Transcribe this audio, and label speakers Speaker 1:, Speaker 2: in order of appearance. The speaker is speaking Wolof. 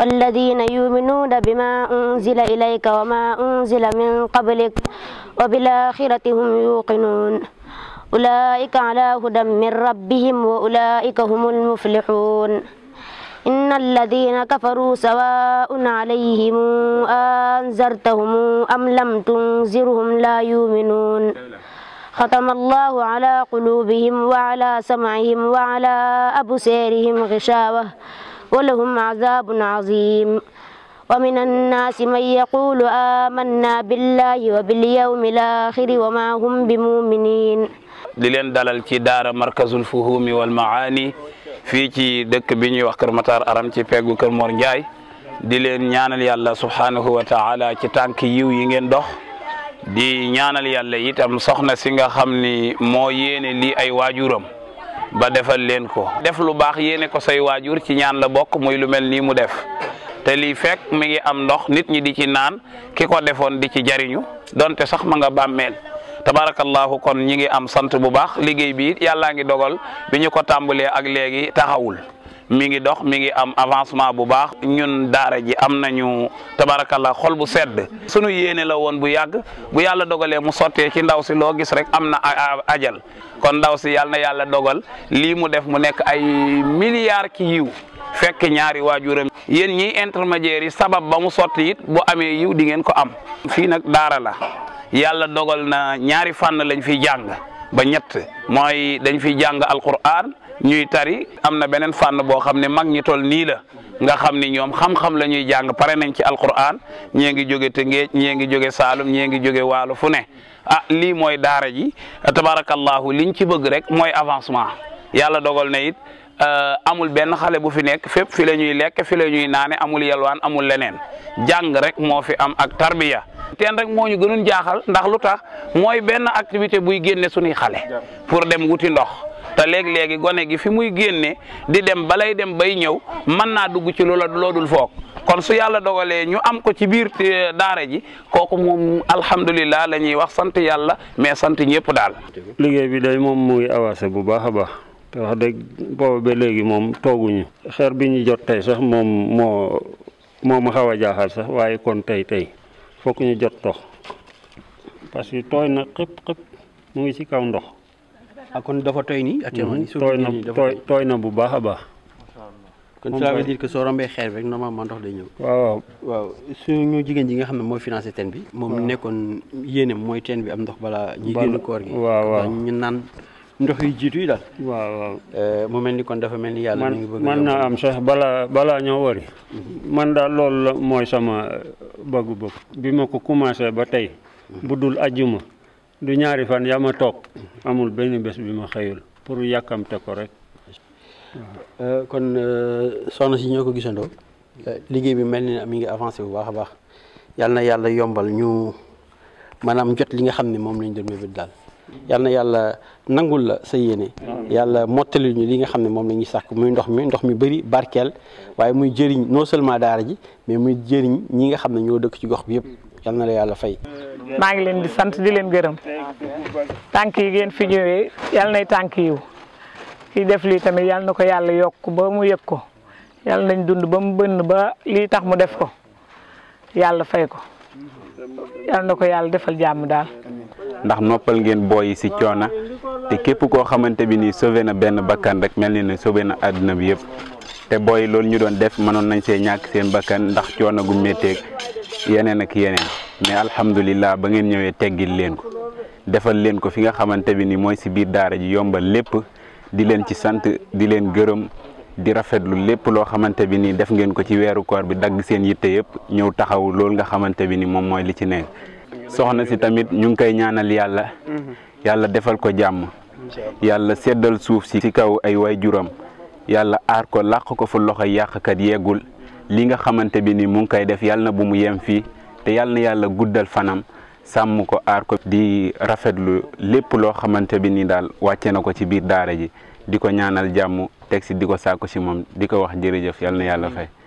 Speaker 1: الذين يؤمنون بما أنزل إليك وما أنزل من قبلك وبالآخرة هم يوقنون أولئك على هدى من ربهم وأولئك هم المفلحون إن الذين كفروا سواء عليهم أنذرتهم أم لم تنذرهم لا يؤمنون ختم الله على قلوبهم وعلى سمعهم وعلى أبصارهم غشاوة ولهم عذاب عظيم ومن الناس من يقول آمنا بالله وباليوم الآخر وما هم بمؤمنين
Speaker 2: دلين دلال تي دار مركز الفهوم والمعاني في تي دك بيني وكر مطار أرام تي بيغو كر مورنجاي دلين نيانل يالا سبحانه وتعالى تي تانك يو ينجن دوخ دي نيانل يالا يتام سخنا سنغا خمني مو ييني لي أي واجورم ba defal leen ko def lu baax yéene ko say waajur ci ñaan la bokk muy lu mel nii mu def te lii fekk mi ngi am ndox nit ñi di ci naan ki ko defoon di ci jariñu donte sax ma nga bàmmeel tabarakallahu kon ñi ngi am sant bu baax liggéey bi yàllaa ngi dogal bi ñu ko tàmbalee ak léegi taxawul mi ngi dox mi ngi am avancement bu baax ñun daara ji am nañu tabarakallah xol bu sedd sunu yéene la woon bu yàgg bu yàlla dogalee mu sottee ci ndaw si loo gis rek am na ajal kon ndaw si yàlla na yàlla dogal lii mu def mu nekk ay milliards ki yiw fekk ñaari waajuram yéen ñiy intermédiaires yi sabab ba mu sotti it bu amee yiw di ngeen ko am fii nag daara la yàlla dogal na ñaari fànn lañ fi jàng ba ñett mooy dañ fi jàng alquran ñuy tari am na beneen fànn boo xam ne mag ñi toll nii la nga xam ni ñoom xam-xam la ñuy jàng pare nañ ci alquran ñii ngi jóge Tëngéej ñii ngi jóge Saalum ñii ngi jóge Waalo fu ne ah lii mooy daara ji li liñ ci bëgg rek mooy avancement yàlla dogal na it euh, amul benn xale bu fi nekk fépp fi la ñuy lekk fi la ñuy naane amul yalwaan amul leneen jàng rek moo fi am ak tarbiya ten rek moo ñu gënoon jaaxal ndax lu tax mooy benn activité buy génne suñuy xale pour dem wuti ndox te léegi-léegi gone gi fi muy génne di dem balay dem bay ñëw mën naa dugg ci loola loodul foog kon su yàlla dogalee ñu am ko ci biir eh, daara ji kooku moom alhamdulillah la ñuy wax sant yàlla mais sant ñëpp daal.
Speaker 3: liggéey bi day moom mu avancé bu baax a baax te wax dëgg boobu ba léegi moom tooguñu xeer bi ñu jot tey sax moom moo moo ma xaw a jaaxal sax waaye kon tey tey. fokk ñu jot ndox parce que tooy na xëpp xëpp mu ngi ci kaw ndox.
Speaker 1: ah kon dafa tooy nii. actuellement hmm, tooy na
Speaker 3: tooy na bu baax a baax. kon ça veut dire
Speaker 1: que soo rombee xeer bi rek normalement ndox day ñëw. waaw waaw ñu jigéen ji nga xam ne mooy finance teen bi. moom nekkoon yéene mooy teen bi am ndox balaa.
Speaker 3: ñuy génn koor gi. waaw waaw ñu naan. ndox yi jitu yi daal. waaw waaw. Eh, mu melni kon dafa yalla ni bëgg man na am sax bala bala ñoo wori mhm. man daal lool moy sama eh, bëggu bëgg bi mako commencé ba tay mhm. budul aljuma du ñaari fan ma amul benn bes bi ma xeyul pour te ko rek. Eh,
Speaker 1: kon soxna ci ñoko ko liggey bi melni mi ngi avancer bu baax baax yalla na yalla yombal ñu manam jot li nga xamni mom lañu bi dal yal na yàlla nangul la sa yéene yàlla mottali ñu li nga xam ne moom la ñuy sàkk muy ndox mi ndox mi bari barkeel waaye muy jëriñ non seulement daara ji mais muy jëriñ ñi nga xam ne ñoo dëkk ci gox bi yëpp yal na la fay
Speaker 2: maa leen di sant di leen gërëm
Speaker 1: yi
Speaker 2: ngeen fi ñëwee yal nay tànk yiw kii def lii tamit yal na ko yàlla yokk ba mu yëg ko yàlla nañ dund ba mu bënn ba lii tax mu def ko yàlla fay ko yal na ko yàlla defal jàmm daal
Speaker 4: ndax noppal ngeen booy si coona te képp koo xamante bi nii sauvé na benn bakkan rek mel ni ne sauvé na àdduna bi yëpp te booy loolu ñu doon def mënoon nañu see ñàkk seen bakkan ndax coono gu métteeg yeneen ak yeneen mais alhamdulilah ba ngeen ñëwee teggil leen ko defal leen ko fi nga xamante bi nii mooy si biir daara ji yombal lépp di leen ci sant di leen gërëm di rafetlu lépp loo xamante bi nii def ngeen ko ci weeru koor bi dagg seen yitte yëpp ñëw taxaw loolu nga xamante bi ni moom mooy li ci nekk soxna si tamit ñu ngi koy ñaanal yàlla mhm. yàlla defal ko jàmm yàlla seddal suuf si ci kaw ay waajuram yàlla aar ko làq ko fu loxo yàqkat yeggul li nga xamante bi ni mu ngi koy def yàlla na bu mu yem fii te yàlla na yàlla guddal fanam sàmm ko aar ko di rafetlu lépp loo xamante bi ni daal wàcce na ko ci biir daara ji di ko ñaanal jàmm teg si di ko sàkku si moom di ko wax jërëjëf yàlla na yàlla fay